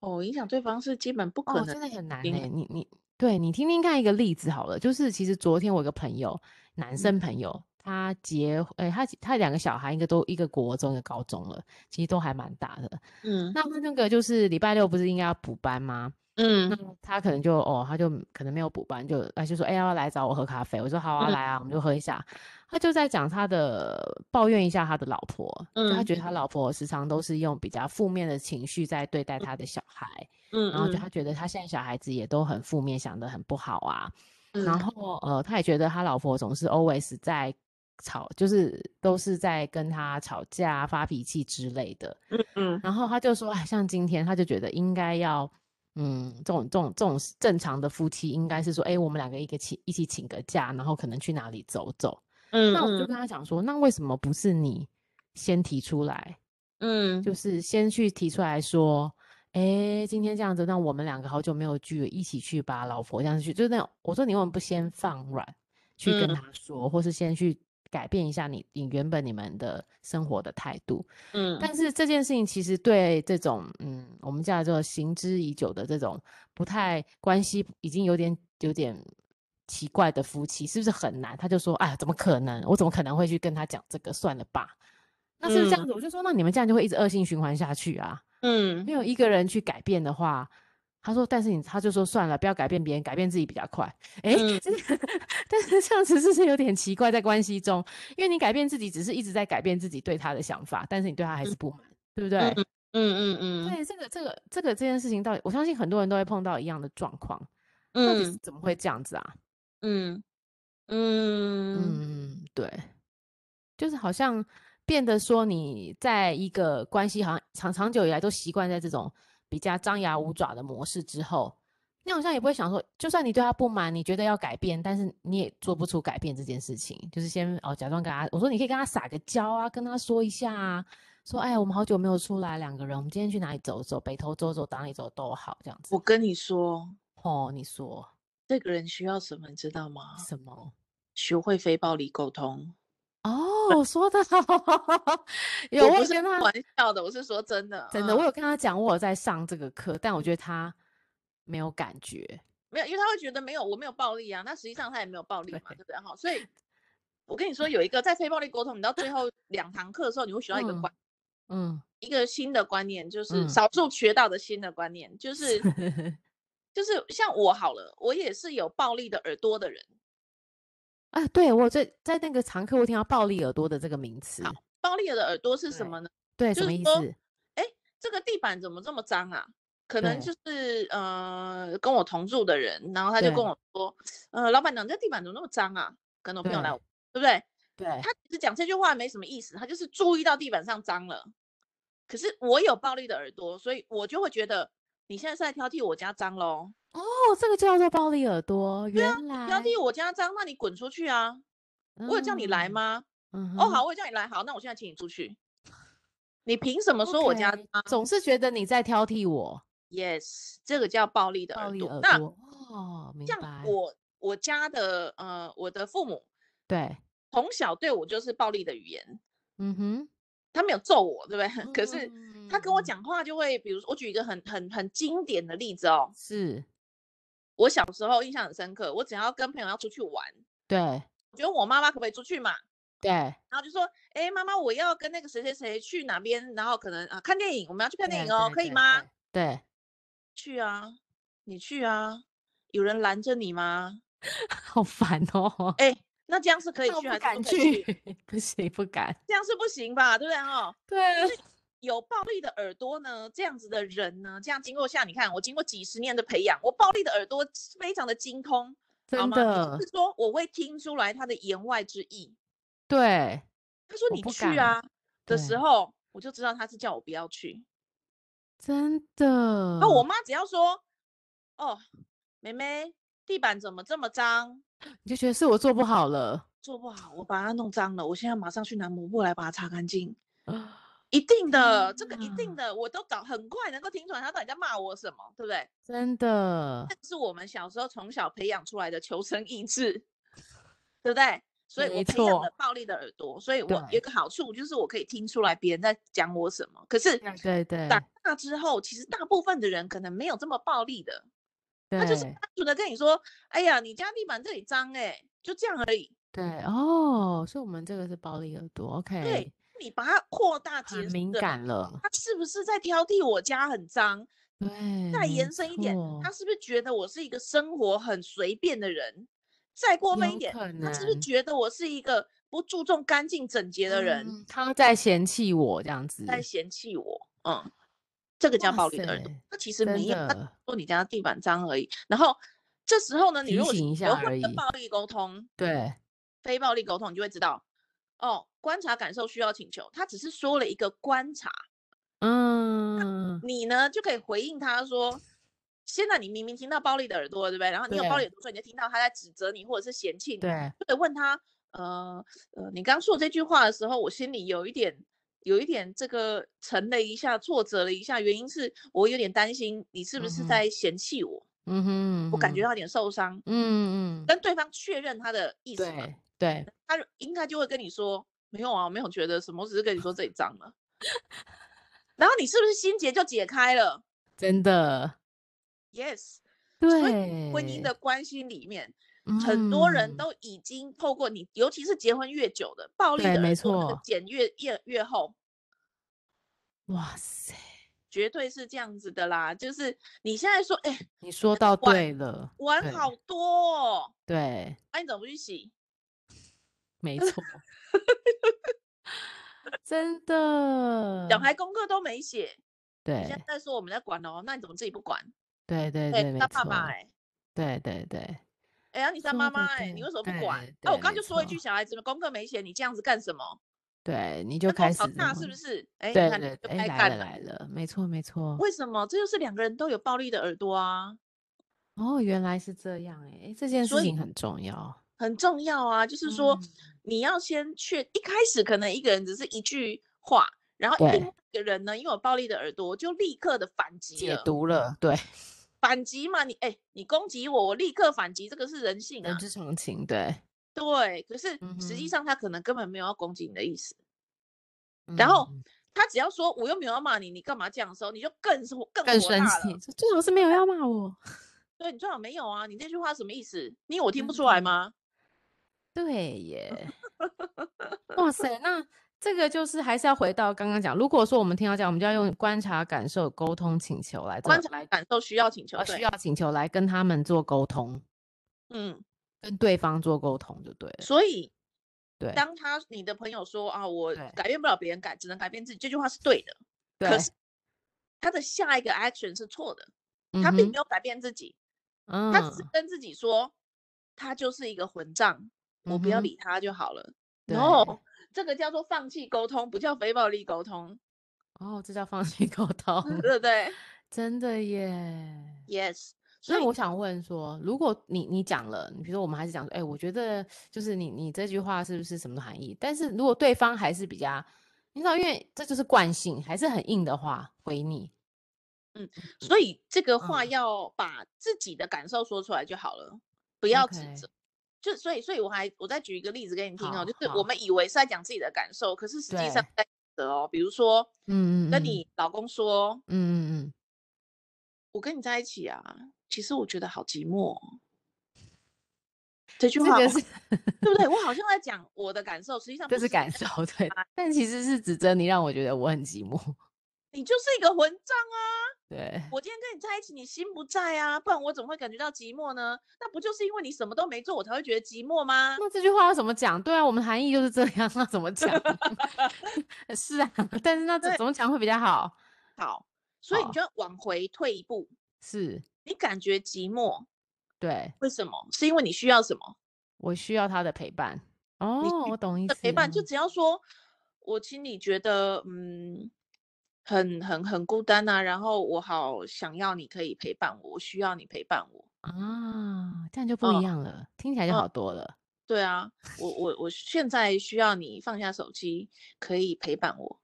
哦，影響對方是基本不可能，真的很難，哦，誒，你你對，你聽聽看一個例子好了，就是其實昨天我一個朋友，男生朋友，嗯、他結誒、欸，他他兩個小孩，應該都一個國中，一個高中了，其實都還蠻大的。嗯，那他那個就是禮拜六不是應該要補班嗎？嗯，那他可能就哦，他就可能沒有補班，就他就說哎、欸、要,要來找我喝咖啡，我說好啊，來啊，我們就喝一下。他就在講他的抱怨一下他的老婆、嗯，就他覺得他老婆時常都是用比較負面的情緒在對待他的小孩，嗯，然後就他覺得他現在小孩子也都很負面，想得很不好啊，嗯、然後呃，他也覺得他老婆總是 always 在吵，就是都是在跟他吵架、發脾氣之類的，嗯嗯，然後他就說，像今天他就覺得應該要。嗯，這種這種這種正常的夫妻應該是說，哎、欸，我們兩個一個請一起請個假，然後可能去哪裡走走。嗯，那我就跟他講說，那為什麼不是你先提出來？嗯，就是先去提出來說，哎、欸，今天這樣子，那我們兩個好久沒有聚，一起去吧，老婆，這樣子去，就是那樣。我說你為什麼不先放軟去跟他說，嗯、或是先去。改變一下你你原本你們的生活的態度，嗯，但是這件事情其實對這種嗯我們叫做行之已久的這種不太關係已經有點有點奇怪的夫妻，是不是很難？他就說，哎呀，怎麼可能？我怎麼可能會去跟他講這個？算了吧，那是不是這樣子？嗯，我就說，那你們這樣就會一直惡性循環下去啊，嗯，沒有一個人去改變的話。他說：“但是你，他就說算了，不要改變別人，改變自己比較快。欸”哎、嗯， 但是這樣子是不是有點奇怪？在關係中，因為你改變自己，只是一直在改變自己對他的想法，但是你對他還是不滿、嗯，對不對？嗯嗯嗯。所以、嗯嗯、這個這個這個這件事情，到底我相信很多人都會碰到一樣的狀況。嗯，到底是怎麼會這樣子啊？嗯嗯嗯，對，就是好像變得說你在一個關係，好像長長久以來都習慣在這種。比較張牙舞爪的模式之後，你好像也不會想說，就算你對他不滿，你覺得要改變，但是你也做不出改變這件事情。嗯、就是先哦，假裝跟他，我說你可以跟他撒個嬌啊，跟他說一下啊，說哎，我們好久沒有出來兩個人，我們今天去哪裡走走，北投走走，哪裡走都好，這樣子。我跟你說哦，你說這個人需要什麼，你知道嗎？什麼？學會非暴力溝通。哦，我說的好，我是跟他開玩笑的， 我是說真的，真的，嗯、我有跟他講，我在上這個課， 但我覺得他沒有感覺，沒有，因為他會覺得沒有，我沒有暴力啊，那實際上他也沒有暴力嘛，對不對？哈，所以，我跟你說，有一個在非暴力溝通，你到最後兩堂課的時候，你會學到一個觀，嗯，嗯一個新的觀念，就是，嗯、少數學到的新的觀念，就是， 就是像我好了，我也是有暴力的耳朵的人。啊，對我在在那個常客，我聽到“暴力耳朵”的這個名詞。好，暴力的耳朵是什麼呢？對，對就是、說什麼意思？哎、欸，這個地板怎麼這麼髒啊？可能就是呃，跟我同住的人，然後他就跟我說，呃，老板娘，這個、地板怎麼那麼髒啊？很多朋友來對，對不對？對。他其實講這句話沒什麼意思，他就是注意到地板上髒了。可是我有暴力的耳朵，所以我就會覺得。你現在是在挑剔我家髒嘍？哦，這個叫做暴力耳朵。對啊，原來，挑剔我家髒，那你滾出去啊。嗯，我有叫你來嗎？嗯、哦，好，我有叫你來，好，那我現在請你出去。你憑什麼說我家髒？Okay, 總是覺得你在挑剔我。Yes，這個叫暴力的耳朵。暴力耳朵。那，哦，明白，像我我家的呃，我的父母對從小對我就是暴力的語言。嗯哼。他沒有揍我，對不對？嗯，可是他跟我講話就會，比如說，我舉一個很很很經典的例子哦，是我小時候印象很深刻。我只要跟朋友要出去玩，對，覺得我媽媽可不可以出去嘛？對，然後就說，哎，媽媽，我要跟那個誰誰誰去哪邊，然後可能啊，呃，看電影，我們要去看電影哦，對對對對對，可以嗎？對。對，去啊，你去啊，有人攔着你嗎？ 好煩哦，哎。那這樣是可以去還是不可以去？不，去不，行 不行，不敢。這樣是不行吧？對不對？哈，對。有暴力的耳朵呢，這樣子的人呢，這樣經過下，像你看我經過幾十年的培養，我暴力的耳朵非常的精通，真的。嗎，是說，我會聽出來他的言外之意。對。他說你去啊的時候我，我就知道他是叫我不要去。真的。那我媽只要說，哦，妹妹，地板怎麼這麼髒？你就覺得是我做不好了，做不好，我把它弄髒了，我現在馬上去拿抹布來把它擦乾淨。啊，一定的，這個一定的，我都搞很快能夠聽出來他到底在罵我什麼，對不對？真的，這個是我們小時候從小培養出來的求生意志，對不對？所以，我培養了暴力的耳朵，所以我有個好處就是我可以聽出來別人在講我什麼。可是，對對，長大之後，其實大部分的人可能沒有這麼暴力的。他就是單純的跟你說，哎呀，你家地板這裡髒誒、欸，就這樣而已。對，哦，所以我們這個是暴力耳朵，OK。對，你把它擴大結、結敏感了，他是不是在挑剔我家很髒？對，再延伸一點，他是不是覺得我是一個生活很隨便的人？再過分一點，他是不是覺得我是一個不注重乾淨整潔的人、嗯？他在嫌棄我這樣子，他在嫌棄我，嗯。這個叫暴力的耳朵，那其實沒有，說你家地板髒而已。然後這時候呢，你如果你夠跟暴力溝通，對，非暴力溝通，你就會知道，哦，觀察、感受、需要、請求，他只是說了一個觀察，嗯，你呢就可以回應他說，現在你明明聽到暴力的耳朵了，對不對？然後你有暴力耳朵，所以你就聽到他在指責你，或者是嫌棄你，對，就得問他，呃呃，你剛說這句話的時候，我心裡有一點。有一點這個沉了一下，挫折了一下，原因是我有點擔心你是不是在嫌棄我，嗯哼，我感覺到有點受傷，嗯，嗯嗯，跟對方確認他的意思，對對，他應該就會跟你說，沒有啊，我沒有覺得什麼，我只是跟你說這裡髒了， 然後你是不是心結就解開了？真的，Yes，對，所以婚姻的關係裡面。很多人都已經透過你，嗯，尤其是結婚越久的，暴力的沒錯，那個，越越越厚。哇塞，絕對是這樣子的啦！就是你現在說，哎，欸，你說到對了，碗好多，哦，對，那你怎麼不去洗？沒錯， 真的，小孩功課都沒寫，對，現在說我們在管哦，那你怎麼自己不管？對對對，對，他，欸，爸爸，哎，對對對，對。哎呀，你是他媽媽哎，你為什麼不管？那、啊啊、我剛就說一句，小孩子功課沒寫，你這樣子幹什麼？對，你就開始那吵，是不是？哎、欸，對對、對，就開始了、欸、了，來了，沒錯沒錯。為什麼？這就是兩個人都有暴力的耳朵啊。哦，原來是這樣哎、欸欸，這件事情很重要，很重要啊。就是說，嗯、你要先去一開始，可能一個人只是一句話，然後一個人呢，因為有暴力的耳朵，就立刻的反擊，解讀了，對。反擊嘛，你哎、欸，你攻擊我，我立刻反擊，這個是人性啊，人之常情，對對。可是實際上他可能根本沒有要攻擊你的意思、嗯，然後他只要說我又沒有要罵你，你幹嘛這樣說，你就更是更火大了。最好是沒有要罵我，對你最好沒有啊。你那句話什麼意思？你以為我聽不出來嗎？ 對耶，哇塞，那。這個就是還是要回到剛剛講。如果說我們聽到講，我們就要用觀察、感受、溝通、請求來做觀察、來感受、需要、請求，需要請求來跟他們做溝通，嗯，跟對方做溝通就對了。所以，對，當他你的朋友說啊，我改變不了別人改，只能改變自己，這句話是對的。對。可是他的下一個 action 是錯的，嗯、他並沒有改變自己，嗯，他只是跟自己說，他就是一個混賬、嗯，我不要理他就好了。然後。這個叫做放棄溝通，不叫非暴力溝通。哦，這叫放棄溝通，對不對？真的耶。Yes。所以我想問說，如果你你講了，比如說我們還是講說，哎、欸，我覺得就是你你這句話是不是什麼含義？但是如果對方還是比較，你知道，因為這就是慣性，還是很硬的話回你。嗯，所以這個話要把自己的感受說出來就好了，嗯、不要指責。Okay. 就所以，所以我還我再舉一個例子給你聽哦，就是我們以為是在講自己的感受，可是實際上在的哦。比如說，嗯嗯，跟你老公說，嗯嗯嗯，我跟你在一起啊，其實我覺得好寂寞。這句話、這個、對不對？我好像在講我的感受， 實際上就是，是感受，對。但其實是指責你，讓我覺得我很寂寞。你就是一個混賬啊！對，我今天跟你在一起，你心不在啊，不然我怎麼會感覺到寂寞呢？那不就是因為你什麼都沒做，我才會覺得寂寞嗎？那這句話要怎麼講？對啊，我們含義就是這樣。那怎麼講？ 是啊，但是那怎麼講會比較好？好，所以你就要往回退一步。是，你感覺寂寞。對，為什麼？是因為你需要什麼？我需要他的陪伴。哦，你的我懂意思啊。陪伴就只要說，我心裡覺得，嗯。很很很孤單吶、啊，然後我好想要你可以陪伴我，我需要你陪伴我啊。哦，這樣就不一樣了，哦，聽起來就好多了。哦，對啊， 我我我現在需要你放下手機，可以陪伴我，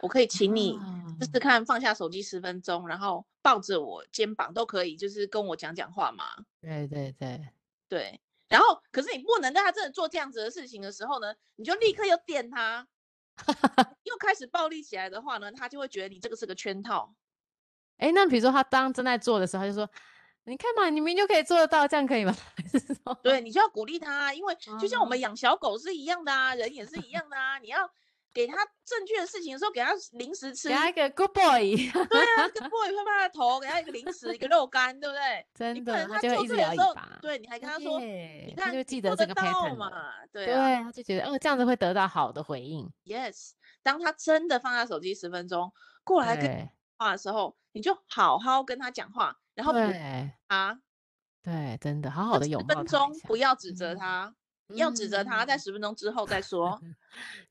我可以請你試試、哦、看放下手機十分鐘，然後抱着我肩膀都可以，就是跟我講講話嘛。對對對對，然後可是你不能在他真的做這樣子的事情的時候呢，你就立刻又點他。 又開始暴力起來的話呢，他就會覺得你這個是個圈套。哎、欸，那比如說他當正在做的時候，他就說：“你看嘛，你明明就可以做得到，這樣可以嗎？”對，你就要鼓勵他，因為就像我們養小狗是一樣的啊，啊，人也是一樣的啊，你要。 給他正確的事情，的時候給他零食吃，給他一個 good boy， 對啊，good boy 拍拍他的頭，給他一個零食， 一個肉乾，對不對？真的，你他就是有辦法。對，你還跟他說，yeah, 你他就記得，得這個 pattern 對，對啊，他就覺得哦、呃，這樣子會得到好的回應。Yes，當他真的放下手機十分鐘過來跟他話的時候，你就好好跟他講話，然後不對啊，對，真的，好好的用。十分鐘，不要指責他。嗯。你要指責他，在十分鐘之後再說、嗯。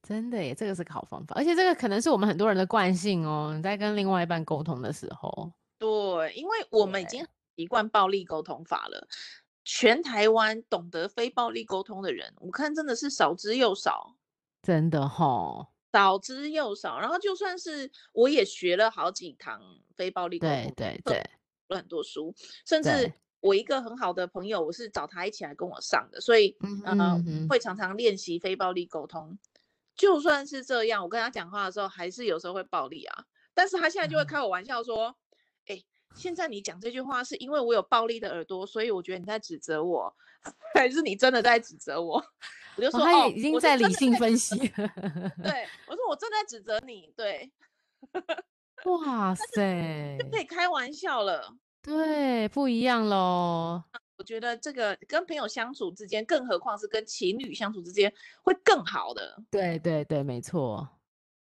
真的耶，這個是個好方法，而且這個可能是我們很多人的慣性哦、喔。你在跟另外一半溝通的時候，對，因為我們已經習慣暴力溝通法了。全台灣懂得非暴力溝通的人，我看真的是少之又少。真的吼，少之又少。然後就算是我也學了好幾堂非暴力溝通，對對對，對讀很多書，甚至。我一個很好的朋友，我是找他一起來跟我上的，所以嗯,哼嗯哼、呃，會常常練習非暴力溝通。就算是這樣，我跟他講話的時候，還是有時候會暴力啊。但是他現在就會開我玩笑說：“哎、嗯欸，現在你講這句話是因為我有暴力的耳朵，所以我覺得你在指責我，還是你真的在指責我？”我就說：“哦、他已經在理性分析了。 ”對，我說：“我正在指責你。”對，哇塞，就可以開玩笑了。對，不一樣嘍。我覺得這個跟朋友相處之間，更何況是跟情侶相處之間，會更好的。對對對，沒錯。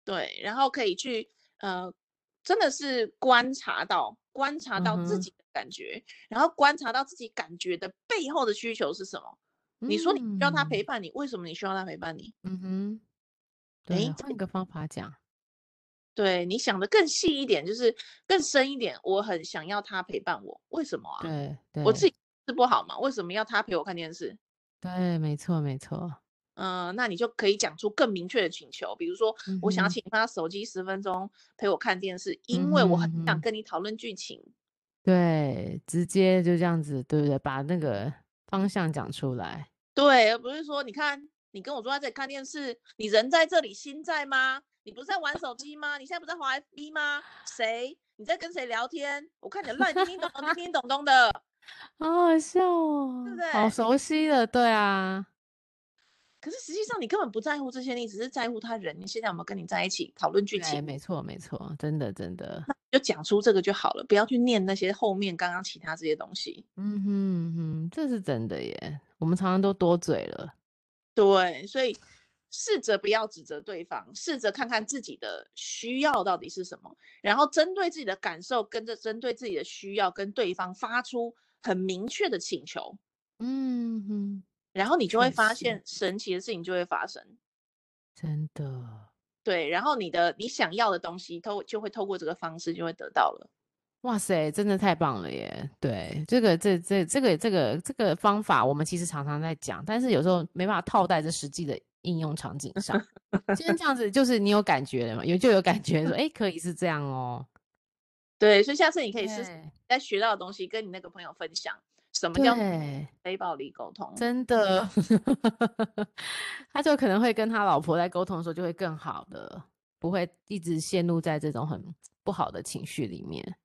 對，然後可以去呃，真的是觀察到，觀察到自己的感覺，嗯，然後觀察到自己感覺的背後的需求是什麼，嗯。你說你需要他陪伴你，為什麼你需要他陪伴你？嗯哼。對。誒，換個方法講。對，你想得更細一點，就是更深一點。我很想要他陪伴我，為什麼啊？對，我自己是不好嘛？為什麼要他陪我看電視？對，沒錯，沒錯。嗯、呃，那你就可以講出更明確的請求，比如說，嗯、我想請他手機十分鐘陪我看電視，嗯、因為我很想跟你討論劇情、嗯。對，直接就這樣子，對不對？把那個方向講出來，對，而不是說，你看，你跟我坐在這裡看電視，你人在這裡，心在嗎？你不是在玩手機嗎？你現在不是在滑 FB 嗎？誰？你在跟誰聊天？我看你亂聽懂，亂聽懂懂的， 好好笑哦，對不對？好熟悉的，對啊。可是實際上你根本不在乎這些，你只是在乎他人。你現在有沒有跟你在一起討論劇情？沒錯，沒錯，真的，真的。就講出這個就好了，不要去念那些後面剛剛其他這些東西。嗯哼嗯哼，這是真的耶。我們常常都多嘴了。對，所以。試着不要指責對方，試着看看自己的需要到底是什麼，然後針對自己的感受，跟着針對自己的需要，跟對方發出很明確的請求，嗯哼、嗯，然後你就會發現神奇的事情就會發生，真的，對，然後你的你想要的東西都就會透過這個方式就會得到了，哇塞，真的太棒了耶！對，這個這這這個這個、這個這個、這個方法，我們其實常常在講，但是有時候沒辦法套在這實際的。應用場景上，今天這樣子就是你有感覺了嘛？有 就有感覺說，說、欸、可以是這樣哦、喔。對，所以下次你可以是，再、okay. 學到的東西跟你那個朋友分享，什麼叫非暴力溝通？真的，嗯、 他就可能會跟他老婆在溝通的時候就會更好的，不會一直陷入在這種很不好的情緒裡面。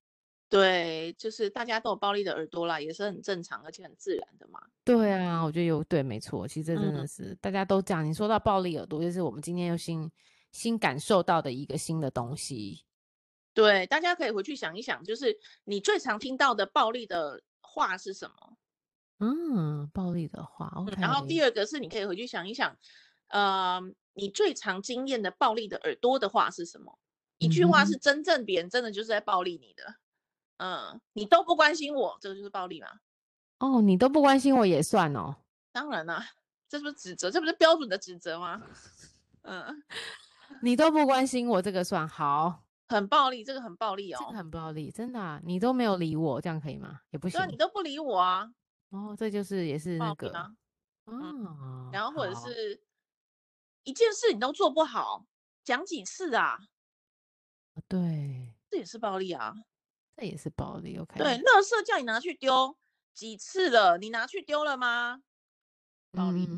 對，就是大家都有暴力的耳朵啦，也是很正常而且很自然的嘛。對啊，我覺得有對，沒錯。其實這真的是、嗯、大家都講，你說到暴力耳朵，就是我們今天又新新感受到的一個新的東西。對，大家可以回去想一想，就是你最常聽到的暴力的話是什麼？嗯，暴力的話。Okay 嗯、然後第二個是，你可以回去想一想，呃，你最常經驗的暴力的耳朵的話是什麼？一句話是真正別人真的就是在暴力你的。嗯嗯，你都不關心我，這個就是暴力嘛？哦，你都不關心我也算哦。當然啦、啊，這是不是指責？這不是標準的指責嗎？嗯，你都不關心我，這個算好，很暴力，這個很暴力哦，這個、很暴力，真的、啊，你都沒有理我，這樣可以嗎？也不行，啊、你都不理我啊？哦，這就是也是那個，啊、嗯，嗯，然後或者是一件事你都做不好，講幾次啊？對，這也是暴力啊。那也是暴力，okay，對，垃圾叫你拿去丟幾次了？你拿去丟了嗎？暴力，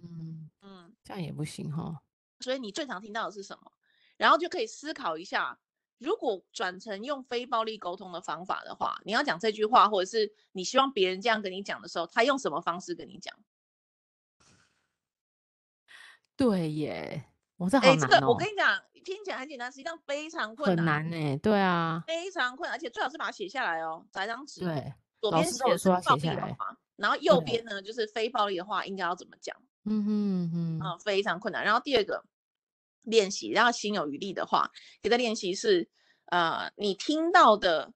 嗯，這樣也不行哦。所以你最常聽到的是什麼？然後就可以思考一下，如果轉成用非暴力溝通的方法的話，你要講這句話，或者是你希望別人這樣跟你講的時候，他用什麼方式跟你講？對耶。我、欸、在，哎、哦，這個我跟你講，聽起來很簡單，實際上非常困難。很難、欸、對啊，非常困難，而且最好是把它寫下來哦，找一張紙，對，左邊寫是暴力的話，然後右邊呢就是非暴力的話，應該要怎麼講？嗯哼,哼嗯啊、嗯，非常困難。然後第二個練習，要心有餘力的話，給他練習是，呃，你聽到的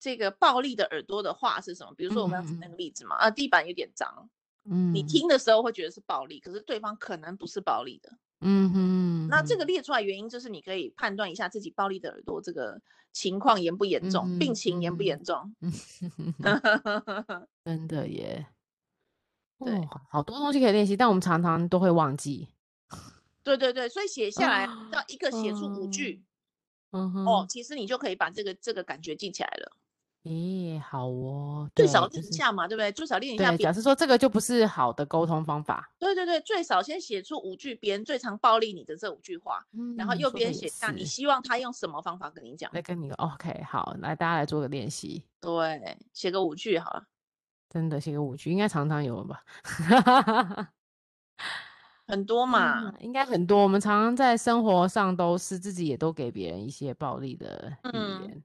這個暴力的耳朵的話是什麼？比如說我們要講那個例子嘛、嗯哼哼，啊，地板有點髒、嗯，你聽的時候會覺得是暴力，可是對方可能不是暴力的。嗯哼， 那這個列出來原因，就是你可以判斷一下自己暴力的耳朵這個情況嚴不嚴重， 病情嚴不嚴重。 真的耶，對、哦，好多東西可以練習，但我們常常都會忘記。對對對，所以寫下來，要一個寫出五句、哦嗯，嗯哼，哦，其實你就可以把這個這個感覺記起來了。咦、欸，好哦，最少練一下嘛，對不對、就是、對？最少練一下，表示說這個就不是好的溝通方法。對對對，最少先寫出五句別人最常暴力你的這五句話、嗯，然後右邊寫下你希望他用什麼方法跟你講。來，跟你 OK，好，來大家來做個練習。對，寫個五句好了。真的寫個五句，應該常常有吧？ 很多嘛、嗯，應該很多。我們常常在生活上都是自己也都給別人一些暴力的語言。嗯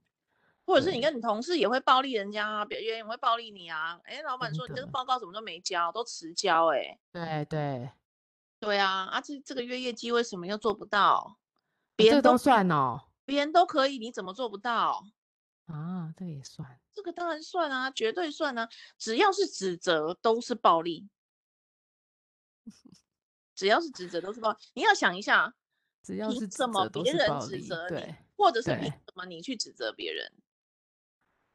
或者是你跟你同事也會暴力人家啊，別人也會暴力你啊。哎、欸，老闆說你這個報告怎麼都沒交，都遲交、欸。哎，對對對啊，啊這這個月業績為什麼又做不到？別人、啊這個、都算哦，別人都可以，你怎麼做不到啊？這個、也算，這個當然算啊，絕對算啊，只要是指責都是暴力， 只要是指責都是暴力。你要想一下，只要是，是怎麼別人指責你，或者是你怎麼你去指責別人。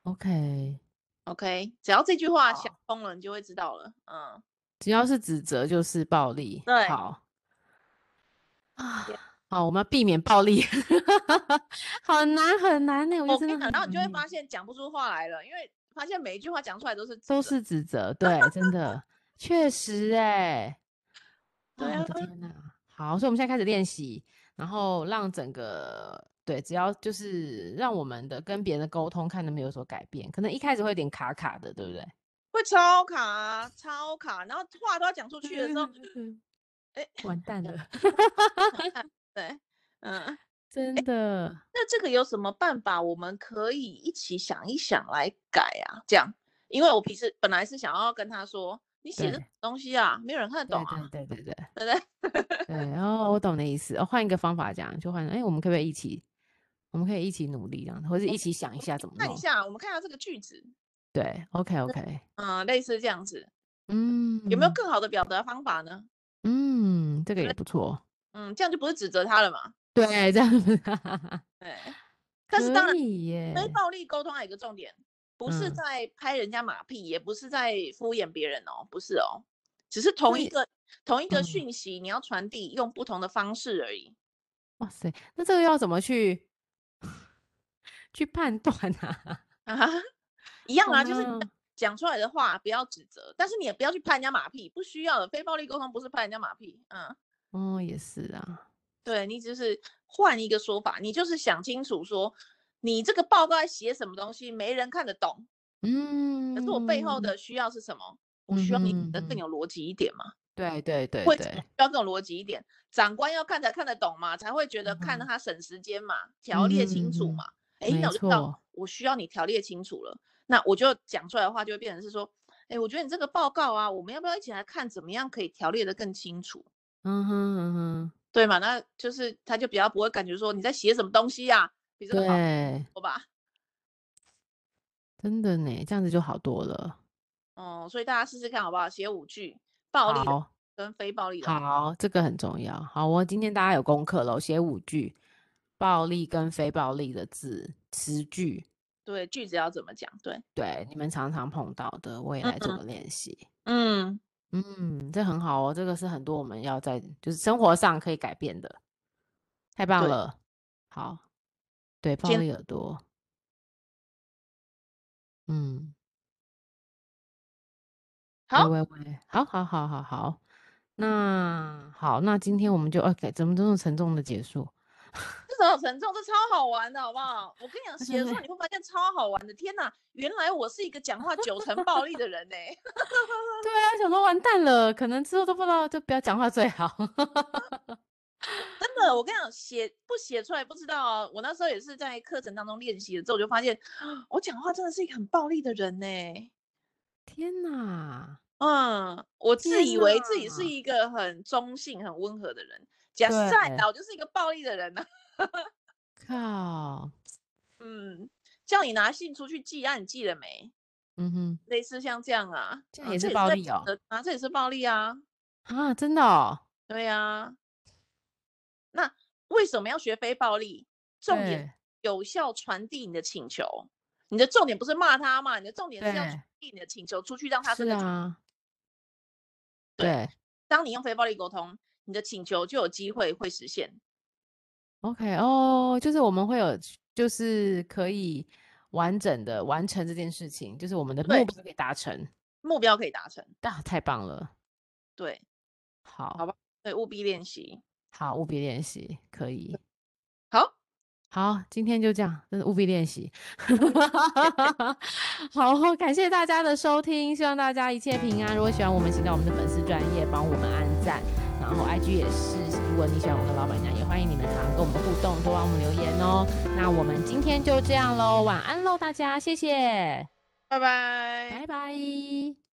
OK，OK，okay. Okay. 只要這句話想通了，你就會知道了。嗯，只要是指責就是暴力。對，好啊，yeah. 好，我們要避免暴力。 難很難很難的，我真的。然後你就會發現講不出話來了，因為發現每一句話講出來都是都是指責。對，真的， 確實、欸，哎、啊，我的天哪，好，所以我們現在開始練習，然後讓整個。對，只要就是讓我們的跟別人的溝通看能不能有所改變，可能一開始會有點卡卡的，對不對？會超卡，超卡，然後話都要講出去的時候，哎 後就， 完蛋了。 對，嗯，真的、欸。那這個有什麼辦法？我們可以一起想一想來改啊，這樣。因為我平時本來是想要跟他說，你寫的東西啊，沒有人看得懂啊。對對對對對對。對，對，後、 哦、我懂的意思。哦，換一個方法講，就換，哎，我們可不可以一起？我們可以一起努力，這樣，或者一起想一下怎麼。欸、看一下，我們看一下這個句子。對，OK OK，嗯，類似這樣子。嗯，有沒有更好的表達方法呢？嗯，這個也不錯。嗯，這樣就不是指責他了嘛。對，這樣子。對。 但是當然，非暴力溝通還有一個重點，不是在拍人家馬屁，嗯、也不是在敷衍別人哦，不是哦，只是同一個同一個訊息，你要傳遞、嗯，用不同的方式而已。哇、哦、塞，那這個要怎麼去？去判斷吶、啊，啊，一樣啊，就是講出來的話不要指責，但是你也不要去拍人家馬屁，不需要的。非暴力溝通不是拍人家馬屁，嗯，哦，也是啊，對，你只是換一個說法，你就是想清楚說你這個報告在寫什麼東西，沒人看得懂，嗯，可是我背後的需要是什麼？嗯、我需要你的更有邏輯一點嘛、嗯？對對對對，會需要更有邏輯一點，長官要看才看得懂嘛，才會覺得看他省時間嘛，條、嗯、列清楚嘛。哎，那我就知道我需要你條列清楚了。那我就講出來的話，就會變成是說，哎，我覺得你這個報告啊，我們要不要一起來看，怎麼樣可以條列得更清楚？嗯哼嗯哼，對嘛？那就是他就比較不會感覺說你在寫什麼東西呀、啊，比這個好，好吧？真的呢，這樣子就好多了。哦、嗯，所以大家試試看好不好？寫五句暴力跟非暴力的好。好，這個很重要。好，我今天大家有功課嘍，寫五句。暴力跟非暴力的字詞句，對句子要怎麼講？對對，你們常常碰到的，未來怎麼練習？嗯嗯,嗯,嗯，這很好哦，這個是很多我們要在就是生活上可以改變的，太棒了！好，對暴力耳朵？嗯，好、哎，喂喂，好好好好好，那好，那今天我們就 OK，怎麼這麼沉重的結束？這怎麼很沉重，這超好玩的，好不好？我跟你講，寫的時候你會發現超好玩的。 天哪，原來我是一個講話九成暴力的人呢。 對啊，想說完蛋了，可能之後都不知道，就不要講話最好。 真的，我跟你講，寫不寫出來不知道啊。我那時候也是在課程當中練習了之後，我就發現，我講話真的是一個很暴力的人呢。天哪，嗯哪，我自以為自己是一個很中性、很溫和的人。講實在，我就是一個暴力的人吶、啊。 靠，嗯，叫你拿信出去寄、啊，那你寄了沒？嗯哼，類似像這樣啊，這也是暴力哦，啊，這也是暴力啊，啊，真的哦。對呀、啊，那為什麼要學非暴力？重點有效傳遞你的請求，你的重點不是罵他嘛，你的重點是要傳遞你的請求出去，讓他知道、啊。對，當你用非暴力溝通。你的請求就有機會會實現。OK，哦，就是我們會有，就是可以完整的完成這件事情，就是我們的目標可以達成，目標可以達成，那、啊、太棒了。對，好好吧。對，務必練習。好，務必練習，可以。好好，今天就這樣，就是務必練習。 好，感謝大家的收聽，希望大家一切平安。如果喜歡我們，請到我們的粉絲專頁幫我們按讚。然後 IG 也是，如果你喜歡我們的老闆娘，也歡迎你們常常跟我們互動，多幫我們留言哦、喔。那我們今天就這樣嘍，晚安嘍，大家，謝謝，拜拜，拜拜。